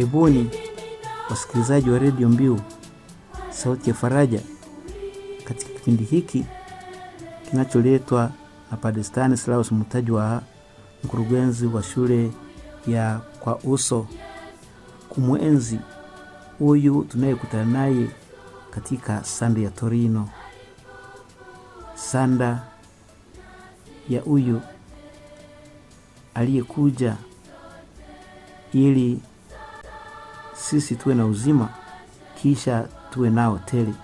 Karibuni wasikilizaji wa redio Mbiu sauti ya Faraja katika kipindi hiki kinacholetwa na slaus Stanislaus wa mkurugenzi wa shule ya Kwa Uso, kumwenzi huyu tunayekutana naye katika sanda ya Torino, sanda ya huyu aliyekuja ili sisi tuwe na uzima, kisha tuwe nao tele.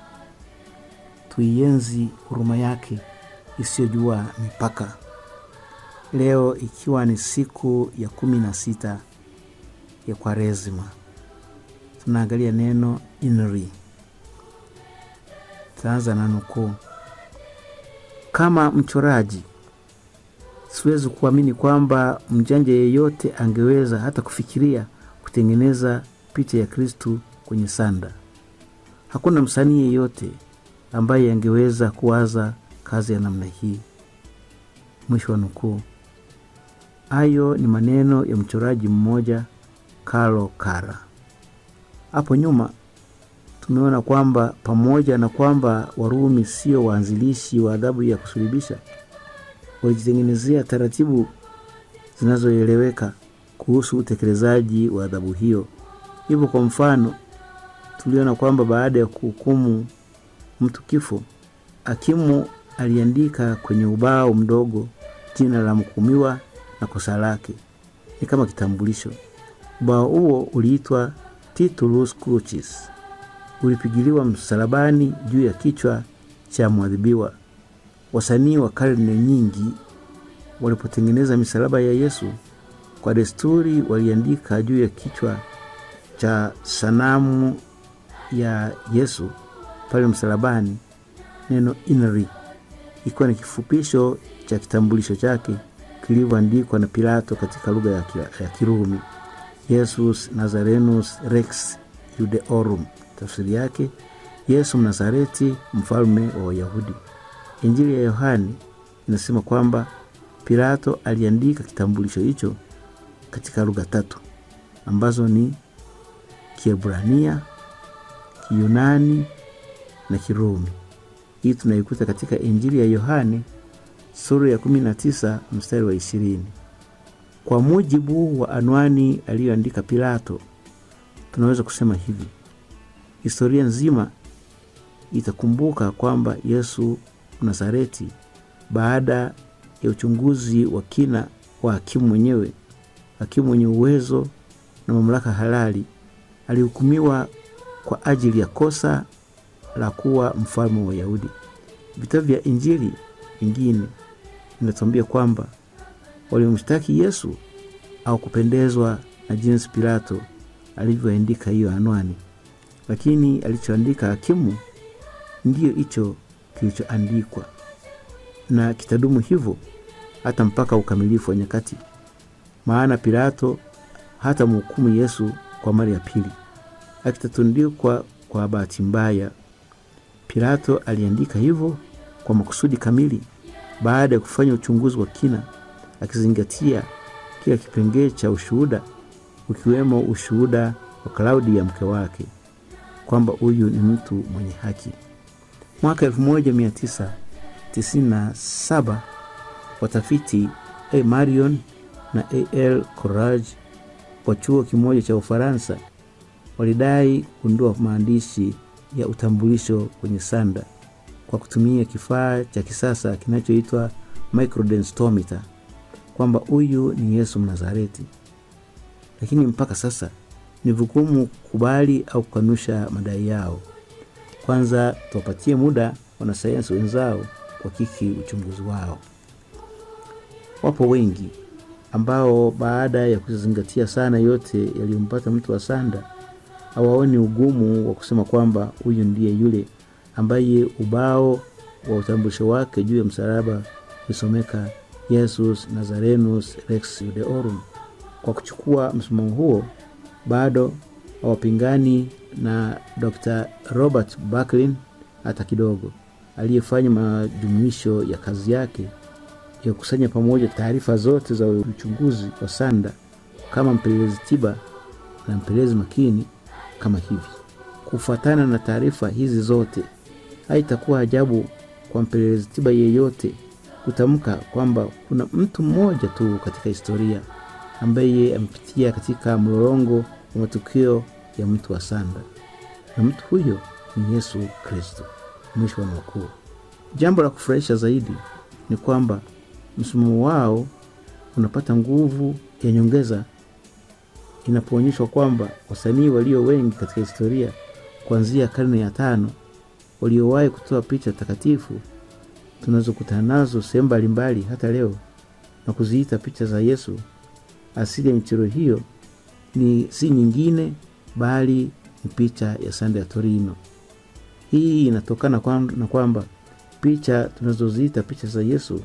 Tuienzi huruma yake isiyojua mipaka. Leo ikiwa ni siku ya kumi na sita ya kwarezima tunaangalia neno inri. Taanza na nukuu: kama mchoraji siwezi kuamini kwamba mjanja yeyote angeweza hata kufikiria kutengeneza picha ya Kristu kwenye sanda. Hakuna msanii yeyote ambaye angeweza kuwaza kazi ya namna hii. Mwisho wa nukuu. Hayo ni maneno ya mchoraji mmoja karo kara Hapo nyuma tumeona kwamba pamoja na kwamba Warumi sio waanzilishi wa adhabu ya kusulubisha, walijitengenezea taratibu zinazoeleweka kuhusu utekelezaji wa adhabu hiyo. Hivyo kwa mfano, tuliona kwamba baada ya kuhukumu mtu kifo, hakimu aliandika kwenye ubao mdogo jina la mhukumiwa na kosa lake, ni kama kitambulisho. Ubao huo uliitwa Titulus Crucis, ulipigiliwa msalabani juu ya kichwa cha mwadhibiwa. Wasanii wa karne nyingi walipotengeneza misalaba ya Yesu, kwa desturi waliandika juu ya kichwa cha sanamu ya Yesu pale msalabani, neno INRI ikiwa ni kifupisho cha kitambulisho chake kilivyoandikwa na Pilato katika lugha ya, ya Kirumi, Yesus Nazarenus Rex Judeorum, tafsiri yake Yesu Mnazareti, mfalme wa Wayahudi. Injili ya Yohani inasema kwamba Pilato aliandika kitambulisho hicho katika lugha tatu ambazo ni Kiebrania, Kiyunani na Kirumi. Hii tunaikuta katika Injili ya Yohane sura ya 19 mstari wa 20. Kwa mujibu wa anwani aliyoandika Pilato, tunaweza kusema hivi: historia nzima itakumbuka kwamba Yesu Nazareti, baada ya uchunguzi wa kina wa hakimu mwenyewe, hakimu mwenye uwezo na mamlaka halali alihukumiwa kwa ajili ya kosa la kuwa mfalme wa Wayahudi. Vitabu vya Injili vingine vinatuambia kwamba walimshtaki Yesu au kupendezwa na jinsi Pilato alivyoandika hiyo anwani, lakini alichoandika hakimu ndiyo hicho kilichoandikwa na kitadumu hivyo hata mpaka ukamilifu wa nyakati, maana Pilato hata mhukumu Yesu kwa mara ya pili. Akitatundikwa kwa, kwa bahati mbaya. Pilato aliandika hivyo kwa makusudi kamili, baada ya kufanya uchunguzi wa kina, akizingatia kila kipengee cha ushuhuda, ukiwemo ushuhuda wa Klaudia mke wake kwamba huyu ni mtu mwenye haki. Mwaka 1997 watafiti A. Marion na A. L. Courage kwa chuo kimoja cha Ufaransa walidai kugundua maandishi ya utambulisho kwenye sanda kwa kutumia kifaa cha kisasa kinachoitwa microdensitometer kwamba huyu ni Yesu Mnazareti, lakini mpaka sasa ni vugumu kukubali au kukanusha madai yao. Kwanza tuwapatie muda wanasayansi wenzao kuhakiki uchunguzi wao. Wapo wengi ambao baada ya kuzingatia sana yote yaliyompata mtu wa Sanda hawaoni ugumu wa kusema kwamba huyu ndiye yule ambaye ubao wa utambulisho wake juu ya msalaba ulisomeka Yesus Nazarenus Rex Judeorum. Kwa kuchukua msimamo huo, bado hawapingani na Dr. Robert baklin hata kidogo, aliyefanya majumuisho ya kazi yake ya kukusanya pamoja taarifa zote za uchunguzi wa Sanda kama mpelelezi tiba na mpelelezi makini kama hivi. Kufuatana na taarifa hizi zote, haitakuwa ajabu kwa mpelelezi tiba yeyote kutamka kwamba kuna mtu mmoja tu katika historia ambaye amepitia katika mlolongo wa matukio ya mtu wa Sanda, na mtu huyo ni Yesu Kristo. Mwisho wa nukuu. Jambo la kufurahisha zaidi ni kwamba msimamo wao unapata nguvu ya nyongeza inapoonyeshwa kwamba wasanii walio wengi katika historia kuanzia karne ya tano waliowahi kutoa picha takatifu tunazokutana nazo sehemu mbalimbali hata leo na kuziita picha za Yesu. Asili ya michoro hiyo ni si nyingine bali ni picha ya sande ya Torino. Hii inatokana na kwamba picha tunazoziita picha za Yesu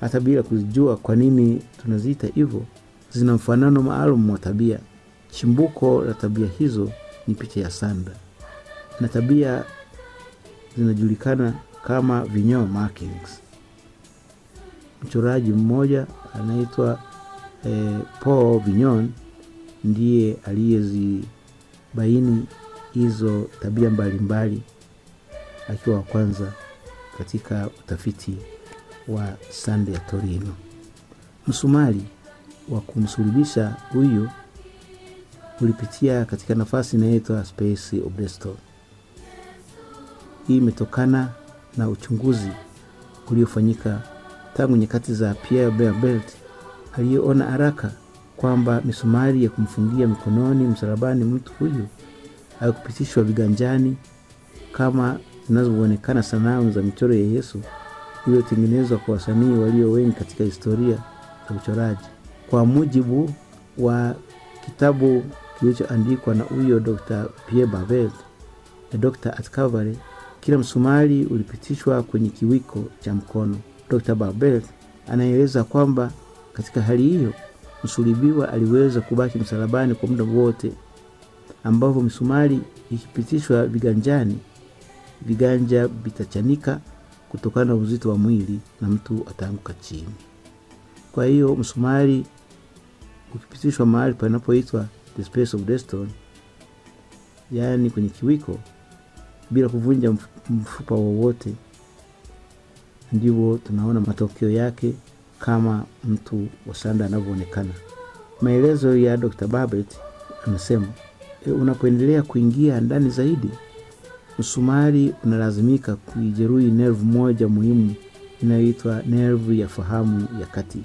hata bila kuzijua kwa nini tunaziita hivyo, zina mfanano maalum wa tabia. Chimbuko la tabia hizo ni picha ya sanda, na tabia zinajulikana kama vinyao markings. Mchoraji mmoja anaitwa eh, Paul vinyon ndiye aliyezibaini hizo tabia mbalimbali mbali, akiwa wa kwanza katika utafiti wa Sande ya Torino, msumari wa kumsulubisha huyo ulipitia katika nafasi inayoitwa Space Obresto. Hii imetokana na uchunguzi uliofanyika tangu nyakati za Pierre Barbelt aliyoona haraka kwamba misumari ya kumfungia mikononi msalabani mtu huyu haikupitishwa viganjani kama zinazoonekana sanamu za michoro ya Yesu iliyotengenezwa kwa wasanii walio wengi katika historia ya uchoraji. Kwa mujibu wa kitabu kilichoandikwa na huyo Dr. Pierre Barbet na Dr. Atcavale, kila msumari ulipitishwa kwenye kiwiko cha mkono. Dr. Barbet anaeleza kwamba katika hali hiyo msulibiwa aliweza kubaki msalabani kwa muda wote, ambapo misumari ikipitishwa viganjani, viganja vitachanika kutokana na uzito wa mwili na mtu ataanguka chini. Kwa hiyo msumari ukipitishwa mahali panapoitwa the space of Deston, yaani kwenye kiwiko, bila kuvunja mfupa wowote, ndivyo tunaona matokeo yake kama mtu wa sanda anavyoonekana. Maelezo ya Dr. babet anasema, eh, unapoendelea kuingia ndani zaidi Msumari unalazimika kuijeruhi nerve moja muhimu inayoitwa nerve ya fahamu ya kati,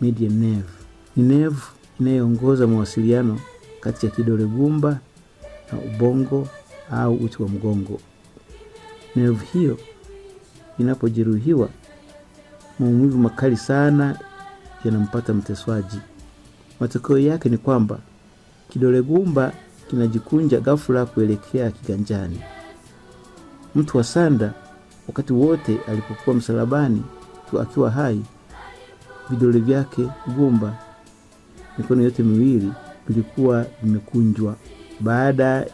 median nerve. Ni nerve inayoongoza mawasiliano kati ya kidole gumba na ubongo au uti wa mgongo. Nerve hiyo inapojeruhiwa, maumivu makali sana yanampata mteswaji. Matokeo yake ni kwamba kidole gumba kinajikunja ghafula kuelekea kiganjani mtu wa sanda wakati wote alipokuwa msalabani akiwa hai, vidole vyake gumba, mikono yote miwili vilikuwa vimekunjwa. Baada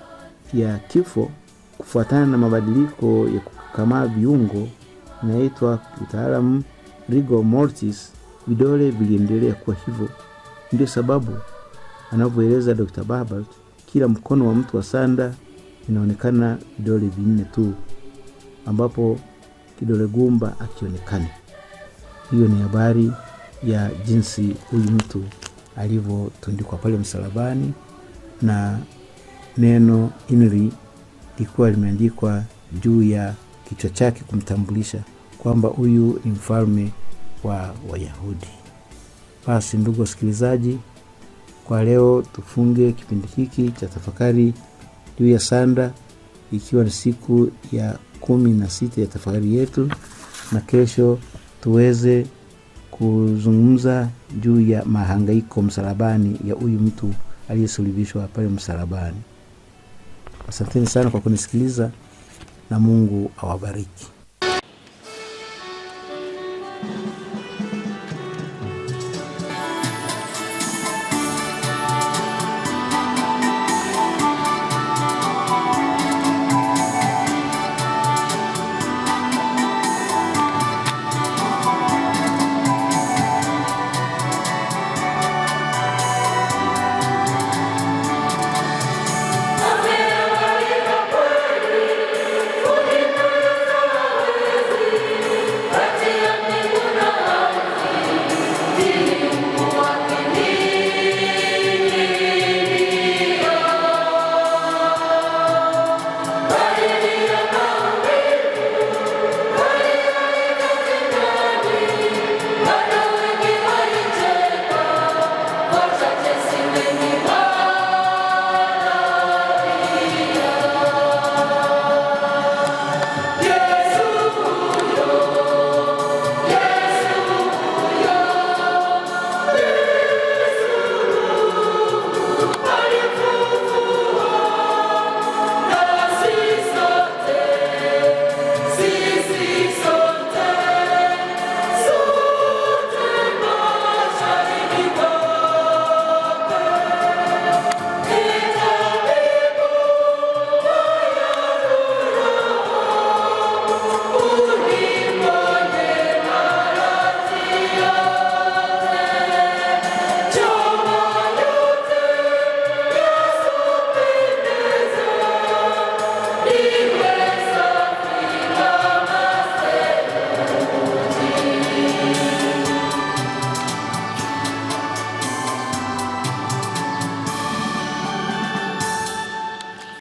ya kifo, kufuatana na mabadiliko ya kukamaa viungo inaitwa kitaalamu rigor mortis, vidole viliendelea kuwa hivyo. Ndio sababu anavyoeleza Dr. Babert, kila mkono wa mtu wa sanda inaonekana vidole vinne tu, ambapo kidole gumba akionekana Hiyo ni habari ya jinsi huyu mtu alivyotundikwa pale msalabani, na neno INRI likuwa limeandikwa juu ya kichwa chake kumtambulisha kwamba huyu ni mfalme wa Wayahudi. Basi ndugu wasikilizaji, kwa leo tufunge kipindi hiki cha tafakari juu ya sanda, ikiwa ni siku ya kumi na sita ya tafakari yetu, na kesho tuweze kuzungumza juu ya mahangaiko msalabani ya huyu mtu aliyesulubishwa pale msalabani. Asanteni sana kwa kunisikiliza na Mungu awabariki.